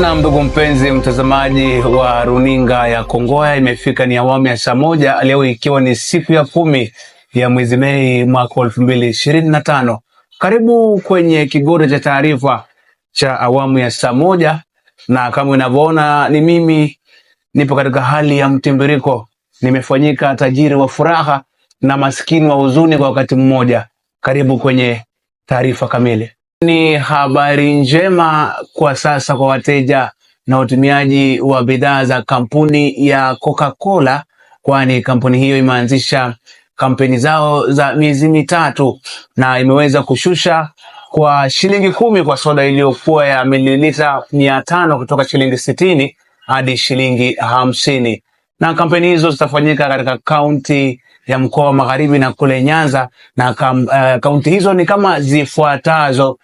Na ndugu mpenzi mtazamaji wa runinga ya Kongowea, imefika ni awamu ya saa moja leo, ikiwa ni siku ya kumi ya mwezi Mei mwaka elfu mbili ishirini na tano. Karibu kwenye kigodo cha taarifa cha awamu ya saa moja, na kama unavyoona ni mimi nipo katika hali ya mtimbiriko, nimefanyika tajiri wa furaha na maskini wa huzuni kwa wakati mmoja. Karibu kwenye taarifa kamili. Ni habari njema kwa sasa kwa wateja na watumiaji wa bidhaa za kampuni ya Coca-Cola, kwani kampuni hiyo imeanzisha kampeni zao za miezi mitatu na imeweza kushusha kwa shilingi kumi kwa soda iliyokuwa ya mililita mia tano kutoka shilingi sitini hadi shilingi hamsini na kampeni hizo zitafanyika katika kaunti ya mkoa wa Magharibi na kule Nyanza na eh, kaunti uh, hizo ni kama zifuatazo